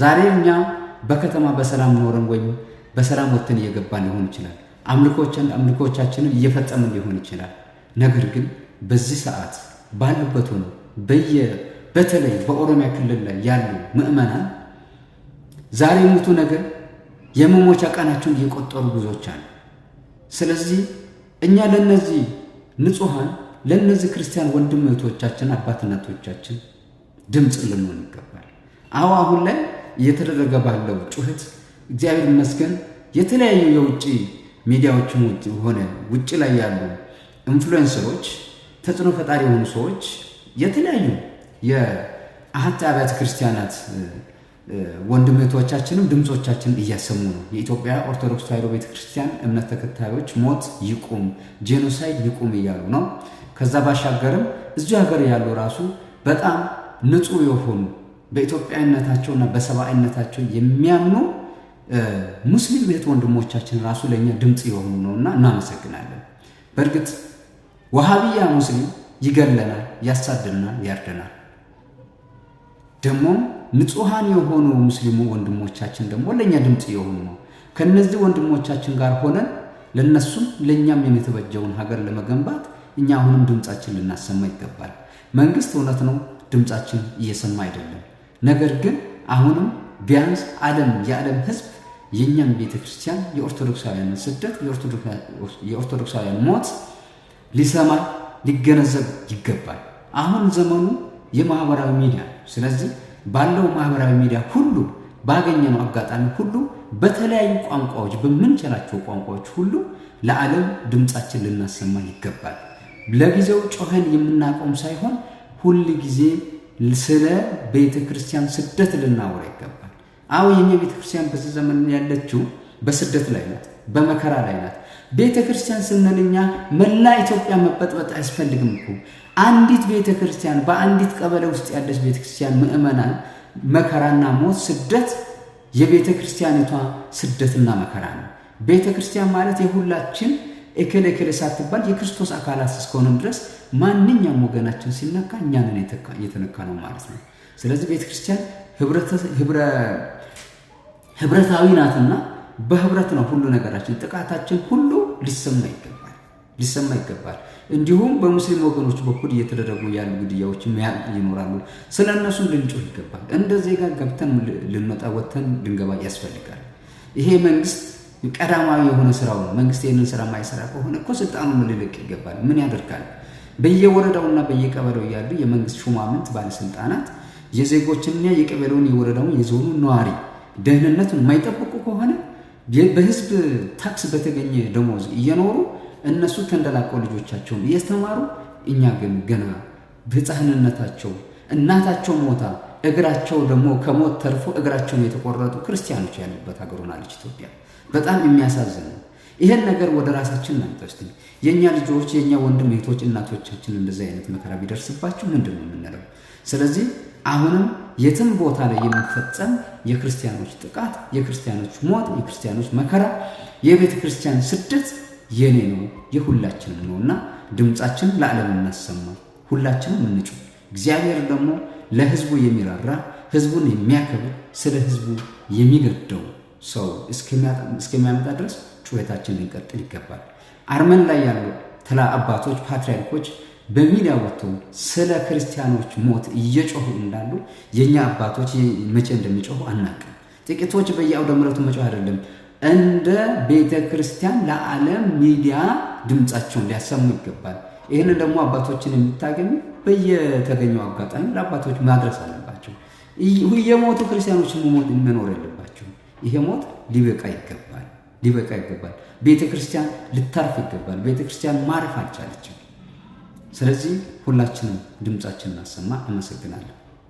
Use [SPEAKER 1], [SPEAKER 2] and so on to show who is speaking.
[SPEAKER 1] ዛሬ እኛ በከተማ በሰላም ኖረን ወይም በሰላም ወጥተን እየገባን ሊሆን ይችላል። አምልኮቻችንን እየፈጸምን ሊሆን ይችላል። ነገር ግን በዚህ ሰዓት ባሉበት ሆኖ በየ በተለይ በኦሮሚያ ክልል ላይ ያሉ ምዕመናን ዛሬ ሙቱ ነገር የመሞቻ ቀናቸውን እየቆጠሩ ብዙዎች አሉ። ስለዚህ እኛ ለነዚህ ንጹሐን ለነዚህ ክርስቲያን ወንድም እህቶቻችን አባትናቶቻችን ድምፅ ልንሆን ይገባል። አዎ አሁን ላይ እየተደረገ ባለው ጩኸት እግዚአብሔር ይመስገን የተለያዩ የውጭ ሚዲያዎችም ሆነ ውጭ ላይ ያሉ ኢንፍሉዌንሰሮች፣ ተጽዕኖ ፈጣሪ የሆኑ ሰዎች የተለያዩ የአህት አብያተ ክርስቲያናት ወንድምቶቻችንም ድምፆቻችን እያሰሙ ነው። የኢትዮጵያ ኦርቶዶክስ ተዋሕዶ ቤተክርስቲያን እምነት ተከታዮች ሞት ይቁም፣ ጄኖሳይድ ይቁም እያሉ ነው። ከዛ ባሻገርም እዚሁ ሀገር ያሉ ራሱ በጣም ንጹህ የሆኑ በኢትዮጵያዊነታቸውና በሰብአዊነታቸው የሚያምኑ ሙስሊም ቤት ወንድሞቻችን ራሱ ለእኛ ድምፅ የሆኑ ነውና እናመሰግናለን። በእርግጥ ወሃቢያ ሙስሊም ይገለናል፣ ያሳድናል፣ ያርደናል። ደግሞም ንጹሐን የሆኑ ሙስሊሙ ወንድሞቻችን ደግሞ ለእኛ ድምፅ የሆኑ ነው። ከእነዚህ ወንድሞቻችን ጋር ሆነን ለእነሱም ለእኛም የተበጀውን ሀገር ለመገንባት እኛ አሁንም ድምፃችን ልናሰማ ይገባል። መንግስት እውነት ነው ድምፃችን እየሰማ አይደለም። ነገር ግን አሁንም ቢያንስ ዓለም የዓለም ህዝብ የእኛም ቤተ ክርስቲያን የኦርቶዶክሳውያን ስደት የኦርቶዶክሳውያን ሞት ሊሰማ ሊገነዘብ ይገባል። አሁን ዘመኑ የማህበራዊ ሚዲያ ነው። ስለዚህ ባለው ማህበራዊ ሚዲያ ሁሉ ባገኘነው አጋጣሚ ሁሉ በተለያዩ ቋንቋዎች በምንችላቸው ቋንቋዎች ሁሉ ለዓለም ድምፃችን ልናሰማ ይገባል። ለጊዜው ጮኸን የምናቆም ሳይሆን ሁል ጊዜ ስለ ቤተ ክርስቲያን ስደት ልናወራ ይገባል። አዎ የኛ ቤተ ክርስቲያን በዚህ ዘመን ያለችው በስደት ላይ ናት፣ በመከራ ላይ ናት። ቤተ ክርስቲያን ስንል እኛ መላ ኢትዮጵያ መበጥበጥ አያስፈልግም እኮ አንዲት ቤተ ክርስቲያን በአንዲት ቀበሌ ውስጥ ያለች ቤተ ክርስቲያን ምእመናን መከራና ሞት፣ ስደት የቤተ ክርስቲያኒቷ ስደትና መከራ ነው። ቤተ ክርስቲያን ማለት የሁላችን እክል እክል ሳትባል የክርስቶስ አካላት እስከሆነም ድረስ ማንኛውም ወገናችን ሲነካ እኛንን እየተነካ ነው ማለት ነው። ስለዚህ ቤተክርስቲያን ህብረታዊ ናትና በህብረት ነው ሁሉ ነገራችን፣ ጥቃታችን ሁሉ ሊሰማ ይገባል ሊሰማ ይገባል። እንዲሁም በሙስሊም ወገኖች በኩል እየተደረጉ ያሉ ግድያዎች ይኖራሉ። ስለ እነሱም ልንጮህ ይገባል። እንደ ዜጋ ገብተን ልንወጣ ወጥተን ልንገባ ያስፈልጋል። ይሄ መንግስት ቀዳማዊ የሆነ ስራው ነው። መንግስት ይህንን ስራ ማይሰራ ከሆነ እኮ ስልጣኑ ምን ልልቅ ይገባል? ምን ያደርጋል? በየወረዳውና በየቀበሌው ያሉ የመንግስት ሹማምንት ባለስልጣናት የዜጎችንና የቀበሌውን የወረዳውን የዞኑ ነዋሪ ደህንነቱን የማይጠብቁ ከሆነ በህዝብ ታክስ በተገኘ ደሞዝ እየኖሩ እነሱ ተንደላቀው ልጆቻቸውን እያስተማሩ እኛ ግን ገና በህፃንነታቸው እናታቸው ሞታ እግራቸው ደግሞ ከሞት ተርፎ እግራቸውን የተቆረጡ ክርስቲያኖች ያሉበት ሀገር ሆናለች ኢትዮጵያ። በጣም የሚያሳዝን ነው። ይሄን ነገር ወደ ራሳችን ናምጣ እስቲ። የእኛ ልጆች የእኛ ወንድም እህቶች፣ እናቶቻችን እንደዚህ አይነት መከራ ቢደርስባቸው ምንድን ነው የምንለው? ስለዚህ አሁንም የትም ቦታ ላይ የሚፈጸም የክርስቲያኖች ጥቃት፣ የክርስቲያኖች ሞት፣ የክርስቲያኖች መከራ፣ የቤተ ክርስቲያን ስደት የኔ ነው የሁላችንም ነው እና ድምፃችን ለዓለም እናሰማ፣ ሁላችንም እንጩ። እግዚአብሔር ደግሞ ለህዝቡ የሚራራ ህዝቡን የሚያከብር ስለ ህዝቡ የሚገደው ሰው እስከሚያመጣ ድረስ ጩኸታችን ሊቀጥል ይገባል። አርመን ላይ ያሉ ተላ አባቶች ፓትሪያርኮች በሚዲያ ስለ ክርስቲያኖች ሞት እየጮሁ እንዳሉ የእኛ አባቶች መቼ እንደሚጮሁ አናውቅም። ጥቂቶች በየአውደ ምረቱ መጮህ አይደለም እንደ ቤተ ክርስቲያን ለዓለም ሚዲያ ድምፃቸውን ሊያሰሙ ይገባል። ይህንን ደግሞ አባቶችን የምታገኙ በየተገኙ አጋጣሚ ለአባቶች ማድረስ አለባቸው። የሞቱ ክርስቲያኖችን መኖር የለባቸው። ይሄ ሞት ሊበቃ ይገባል፣ ሊበቃ ይገባል። ቤተ ክርስቲያን ልታርፍ ይገባል። ቤተ ክርስቲያን ማረፍ አልቻለችም። ስለዚህ ሁላችንም ድምፃችን እናሰማ። አመሰግናለሁ።